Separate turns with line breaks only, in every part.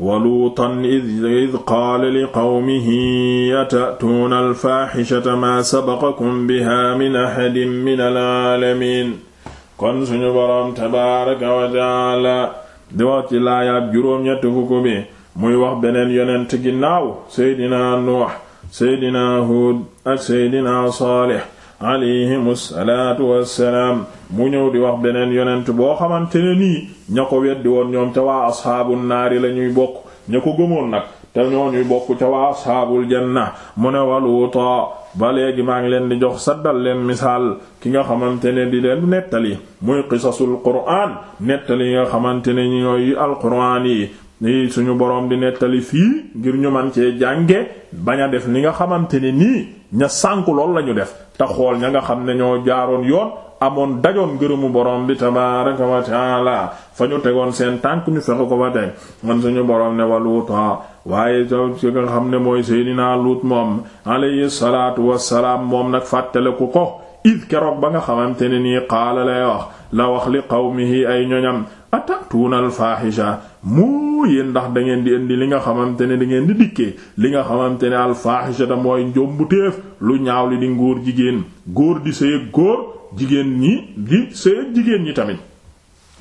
waluutan id qaala li qawmihi atatuuna alfaaxishata maa sabaqakum biha min axadin min alaalamin kon suñu boroom tabaaraka wa taala di wax ci laayaab juróom-ñett fukk bi muy wax beneen yonent ginnaaw seydinaa nuux seydinaa huud ak seydinaa saalix alayhimu salaatu wassalaam mu ñëw di wax beneen yonent boo xamante ne nii ña ko weddi woon ñoom ca waa asxaabu naari la ñuy bokk ña ko gëmoon nag te ñoo ñuy bokk ca waa asxaabul na mu ne walu waluuta ba léegi maa ngi leen di jox saddal leen misaal ki nga xamante ne di leen nettali muy qisasul qur'aan nettali yi nga xamante ne ñooy alqur'aan yi nii suñu boroom di nettali fii ngir ñu man cee jànge bañ a def ni nga xamante ne nii ña sànku lool lañu def te xool ña nga xam ne ñoo jaaroon yoon amoon dajoon ngërëmu borom bi tabaaraka wa taala fa ñu tegoon seen tànk ñu fexe ko fa teg man suñu borom ne wa luuta waaye taw ci nga xam ne mooy naa luut moom alayhi salaatu wassalaam moom nag fàttaliku ko id keroog ba nga xamante ne nii qaala lay wax la wax li qawmihi ay ñoñam atatuuna alfaaxisha moo yéen ndax da ngeen di indi li nga xamante ne da ngeen di dikkee li nga xamante ne alfaaxisha da mooy njombuteef lu ñaaw li di ngóor jigéen góor di sëyeg góor jigéen ñi di sëyeg jigéen ñi tamit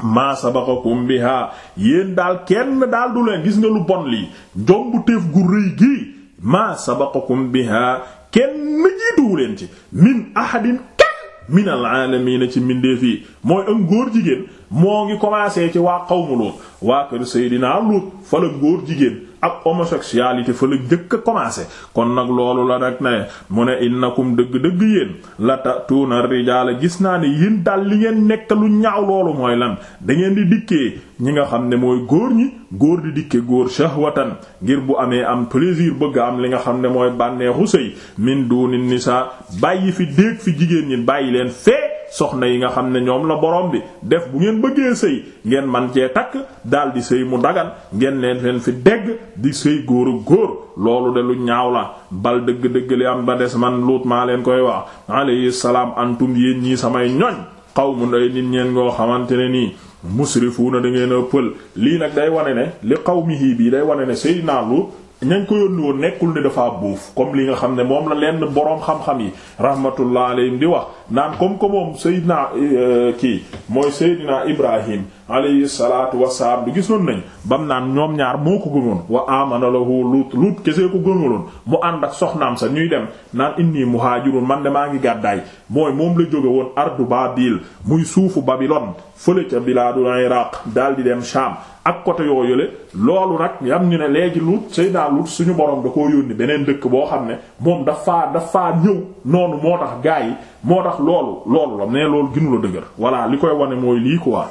maa sabaqakum biha yéen daal kenn daal du leen gis nga lu bon li njombuteef gu rëy gii maa sabaqakum biha kenn jiituwu ci min ahadin kenn min al aalamiina ci mbindeef yi mooy ak góor jigéen moo ngi commencé ci waa qawmu Luut waa kër Seydina Luut fa la góor jigéen ak homosexualité fa la njëkk a commencé kon nag loolu la rek ne mu ne innakum dëgg-dëgg yéen la tatuuna rijaala gis naa ni yéen daal li ngeen nekk lu ñaaw loolu mooy lan da ngeen di dikkee ñi nga xam ne mooy góor ñi góor di dikke góor shahwatan ngir bu amee am plaisir bëgg am li nga xam ne mooy bànneexu sëy min duuni nisa bàyyi fi déeg fi jigéen ñi bàyyi leen fee soxna yi nga xam ne ñoom la borom bi def bu ngeen bëggee sëy ngeen man cee takk daal di sëy mu dagan ngeen leen leen fi dégg di sëy góor góor loolu de lu ñaaw la bal dëgg-dëgg li am ba des man luut maa leen koy wax alayhi salaam antum yéen ñii samay ñoñ xaw mu ay nit ñeen ngoo xamante ne nii musrifuuna da ngeen a pël lii nag day wane ne li xaw mi hii bii day wane ne sëy naa lu ñañ ko yónni woon nekkul ne dafa buuf comme li nga xam ne moom la lenn boroom xam-xam yi rahmatullah alayhim di wax naan comme que moom Seydina eh, kii mooy Seydina Ibrahim alayhi salaatu wasalaam du gisoon nañ bam naan ñoom ñaar moo ko gëmoon wa amana lahu luut luut kese ko gëmaloon mu ànd ak soxnaam sax ñuy dem naan inni muhaajirun man de maa ngi gàddaay mooy moom la jóge woon ardu babil muy suufu babilon fële ca bilaadul iraq daal di dem Sham ak côté yooyule loolu nag yam ñu ne léegi luut Seydina luut suñu borom da koo yónni beneen dëkk boo xam ne moom dafaa dafaa ñëw noonu moo tax gaa yi moo tax loolu loolu la mais loolu gënu dëgër voilà li koy wane mooy lii quoi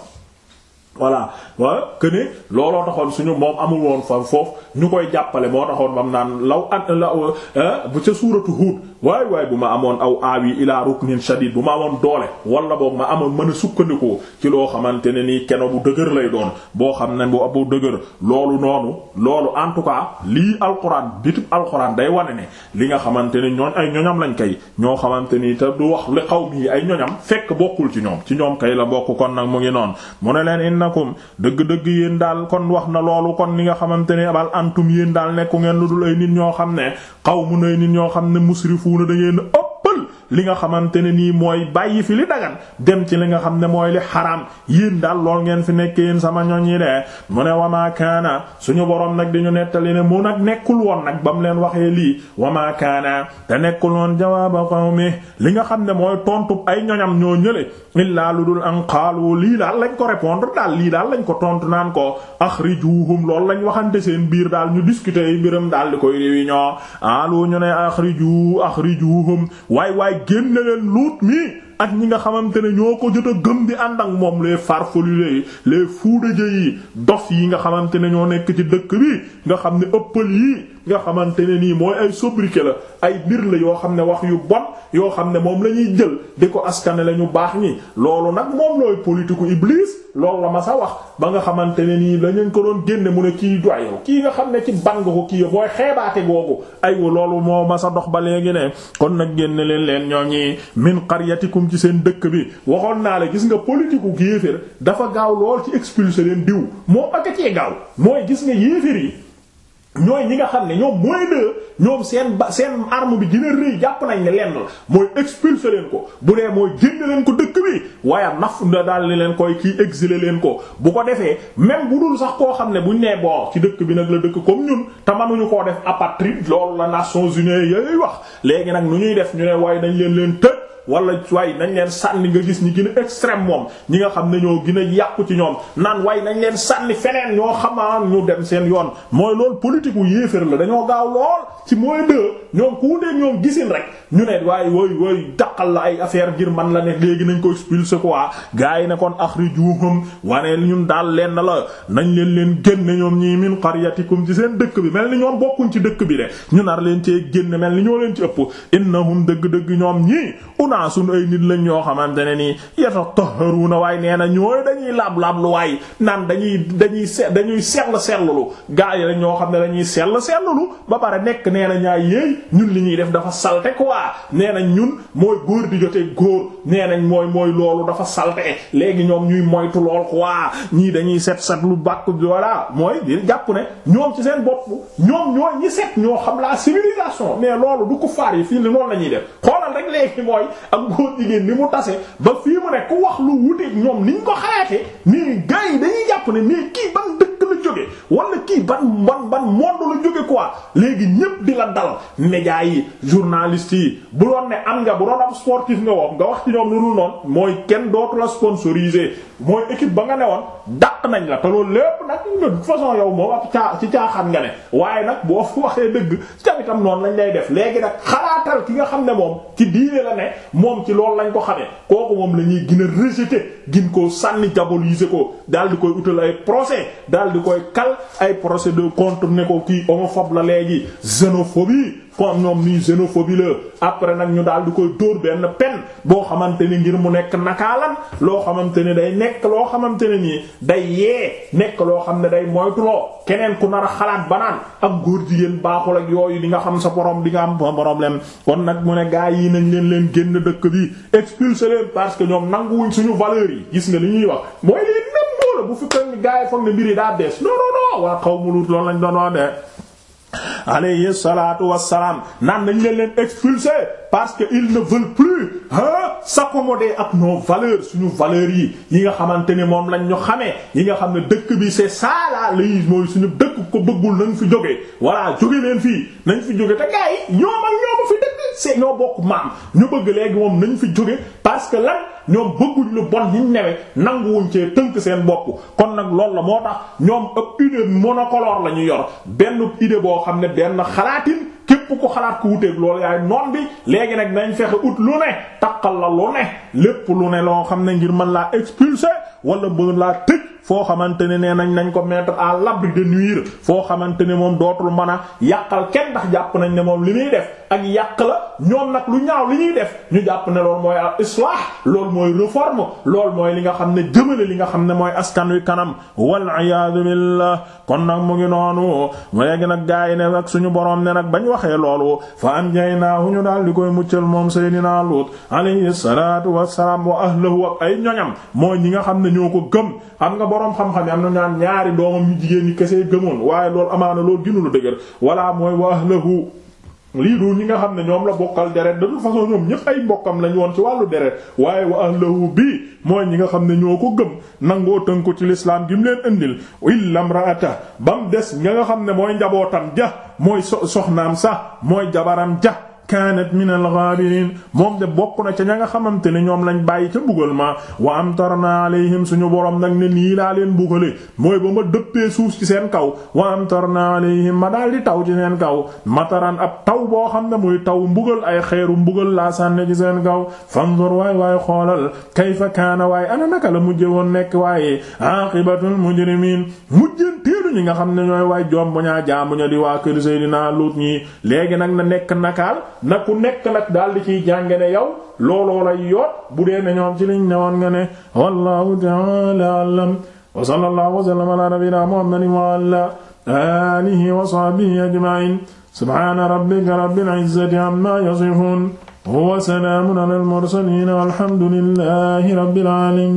voilà waa que ne looloo taxoon suñu moom amul woon fa foofu ñu koy jàppale moo taxoon bam naan law an law euh, bu ca suuratu Huud waay waay bu ma amoon aw aawi ilaa ruknin shadid bu ma amoon doole wala boog ma amoon mën a sukkandikoo ci loo xamante ne nii keno bu dëgër lay doon boo xam ne bu bu dëgër loolu noonu loolu en tout cas lii alxuraan bitub alxuraan day wane ne li nga xamante ne ñooñ ay ñoñam lañ kay ñoo xamante ni te du wax li xaw mi ay ñoñam fekk bokkul ci ñoom ci ñoom kay la bokk kon nag mu ngi noon mu ne leen innakum dëgg-dëgg yéen daal kon wax na loolu kon li nga xamante ne bal antum yéen daal nekku ngeen lu dul ay nit ñoo xam ne xaw mu nay ñoo xam ne musrifu tattaquuna da ngeen ëpp li nga xamante ne nii mooy bàyyi fi li dagan dem ci li nga xam ne mooy li xaraam yéen daal lool ngeen fi nekkee yéen sama ñoñ yi de mu ne wama kaana suñu borom nag di ñu nettali ne mu nag nekkul woon nag ba mu leen waxee lii wama kaana te nekkul woon jawaaba qawmi li nga xam ne mooy tontu ay ñoñam ñoo ñële illaa lu dul an qaalu lii daal lañ ko répondre daal lii daal lañ ko tontu naan ko akhrijuhum loolu lañ waxante seen biir daal ñu discuter yi mbiram daal di koy réunion alu ñu ne akhriju akhrijuhum waay waay génne leen luut mii ak ñi nga xamante ne ñoo ko jot a gëm di ànd ak moom les farfolules yi les fuudaje yi dof yi nga xamante ne ñoo nekk ci dëkk bi nga xam ne ëppal yi nga xamante ne nii mooy ay sobriquet la ay mbir la yoo xam ne wax yu bon yoo xam ne moom la ñuy jël di ko askane la ñu baax ñi loolu nag moom looy politiku iblis loolu la ma sa wax ba nga xamante ne nii la ñu ko doon génne mu ne kii doyew kii nga xam ne ci bang ko kii booy xeebaate googu aywa loolu moo dox ba léegi ne kon nag leen ñoo ñi ci seen dëkk bi waxoon naa la gis nga politique gu yéeféer dafa gaaw lool ci expulser leen diw moo aka cee gaaw mooy gis nga yéeféer yi ñooy ñi nga xam ne ñoom mooy de ñoom seen ba seen arm bi gën a rëy jàpp nañ ne lenn la mooy expulser leen ko bu dee mooy génne leen ko dëkk bi waaye naf na daal di leen koy kii exiler leen ko. bu ko defee même bu dul sax koo xam ne buñ nee boo ci dëkk bi nag la dëkk comme ñun te mënuñu koo def apatride loolu la Nations Unies yooyu wax léegi nag nu ñuy def ñu ne waaye dañ leen leen tëj. wala way nañ leen sànni nga gis ñi gën a moom ñi nga xam ne ñoo gën a yàqu ci ñoom naan way nañ leen sànni feneen ñoo xamaa ñu dem seen yoon mooy loolu politique wu yéefér la dañoo gaaw lool ci mooy deux ñoom ku wuteeg ñoom gisin rek ñu ne waaye wooy wooy daqal la ay affaire ngir man la ne léegi nañ ko expulser quoi gars yi ne kon akhrijuhum wane ñun daal leen la nañ leen leen génne ñoom ñii min qaryatikum ci seen dëkk bi mel ni ñoom bokkuñ ci dëkk bi de ñu nar leen cee génne mel ni ñoo leen ci ëpp innahum dëgg-dëgg ñoom naa sunu ay nit lañ ñoo xamante ne nii na waaye nee na ñooy dañuy laab-laab lu waaye naan dañuy dañuy se dañuy sell sellulu gaa yi ñoo xam ne dañuy sell sellulu ba pare nekk nee na ñaay yéey ñun li ñuy def dafa salte quoi nee na ñun mooy góor di jotee góor nee nañ mooy mooy loolu dafa salte léegi ñoom ñuy moytu lool waa ñii dañuy set set lu bàkk voilà mooy di jàpp ne ñoom ci seen bopp ñoom ñooy ñi set ñoo xam la civilisation mais loolu du faar yi fii li noonu la ñuy def xoolal nag léegi mooy ak góor jigéen ni mu tase ba fii mu ne ku wax lu wuteeg ñoom niñ ko xalaatee mais gars yi dañuy jàpp ne mais kii wala kii ban ban ban monde la jóge quoi léegi ñépp di la dal médias yi journalistes yi bu doon ne am nga bu doon am sportif nga wax nga wax ci ñoom lu dul noonu mooy kenn dootu la sponsorisé mooy équipe ba nga ne newoon daq nañ la te loolu lépp nag de toute façon yow moom ab caa ci caaxaan nga ne waaye nag boo waxee dëgg camitam noonu lañ lay def léegi nag xalaatal ki nga xam ne moom ci diine la ne moom ci loolu lañ ko xamee kooku moom la ñuy gën a rejeter gin koo sànni diaboliser ko daal di koy utal ay daal di koy kal ay procès de contre ne ko kii homophobe la léegi xénophobie comme ñoom nii xénophobie la après nag ñu daal di koy dóor benn pen boo xamante ni ngir mu nekk nakaalam loo xamante ne day nekk loo xamante ne nii day yee nekk loo xam ne day moytuloo keneen ku nar a xalaat banaan ak góor jigéen baaxul ak yooyu di nga xam sa borom di nga am problème kon nag mu ne gaa yi nañ leen leen génn dëkk bi expulser leen parce que ñoom nanguwuñ suñu valeur yi gis nga li ñuy wax la bu fukkee ni gaa yi foog ne mbir yi daa bees non waa xaw waa qawmu Luut loolu lañ doon wax de alayhi salaatu wassalaam naan nañ leen leen expulser parce que ils ne veulent plus hein s'accommoder ak nos valeurs suñu valeurs yi yi nga xamante ne moom lañ ñu xamee yi nga xam ne dëkk bi c'est ça là lii mooy suñu dëkk ko bëggul nañ fi jógee voilà jóge leen fii nañ fi jóge te gaa yi ñoom fi c'est ñoo bokk maam ñu bëgg léegi moom nañ fi jóge parce que lan ñoom bëgguñ lu bon niñ newee nanguwuñ ci tënk seen bopp kon nag loolu la moo tax ñoom ab idée monocolore la ñu yor benn idée boo xam ne benn xalaatin képp ko xalaat ko wuteeg loolu yaay noon bi léegi nag nañ fexe ut lu ne takkal la lu ne lépp lu ne loo xam ne ngir mën laa expulser wala mën laa tëj foo xamante ne nee nañ nañ ko mettre à l'abri de nuire foo xamante ne moom dootul mën a yàqal kenn ndax jàpp nañ ne moom li muy def ak yàq la ñoom nag lu ñaaw li ñuy def ñu jàpp ne loolu mooy al islah loolu mooy réforme loolu mooy li nga xam ne jëmale li nga xam ne mooy askan wi kanam wal iyaadu billah kon nag mu ngi noonu mu léegi nag gaa yi ne ak suñu borom ne nag bañ waxee loolu fa am jay naahu ñu daal di koy muccal moom Seydina Luut alayhi salaatu wassalaam wa ahlahu ak ay ñoñam mooy ñi nga xam ne ñoo ko gëm boroom xam-xam am na ñaan ñaari doomam jigéen ñi kese gëmoon waaye loolu amaana loolu gënu la dëgër walla mooy wa ahlahu lii du ñi nga xam ne ñoom la bokkal deret de toute façon ñoom ñëpp ay mbokkam lañ woon ci wàllu deret waaye wa ahlahu bii mooy ñi nga xam ne ñoo ko gëm nangoo tëng ko ci lislaam gi mu leen indil illam raata ba mu des nga nga xam ne mooy njabootam ja mooy soxnaam sax mooy jabaram ja kaanat min al-ghaabiriin moom de bokk na ca ña nga xamante ne ñoom lañ bàyyi ca mbugal ma wa amtarna alayhim suñu borom nag ne nii laa leen mbugale mooy ba ma dëppee suuf ci seen kaw wa amtarna alayhim ma daal di taw ci seen kaw mataran ab taw boo xam ne muy taw mbugal ay xeeru mbugal laa sànne ci seen kaw fanzur waay waay xoolal kayfa kaana waaye ana naka la mujje woon nekk waaye aqibatul mujrimiin mujjanteelu ñi nga xam ne ñooy waay jom bu ñaa jaamu waa kër Seydina Luut ñi léegi nag na nekk nakaal na ku nekk nag daal di ciy jànge ne yow looloo lay yoot bu dee ne ñoom ci liñ newoon nga ne wallahu ta'ala a'lam wa sallallahu wa sallama ala nabiyyina muhammadin wa ala alihi wa sahbihi ajma'in subhana rabbika rabbil izzati amma yasifun wa salamun ala al mursalin walhamdulillahi rabbil alamin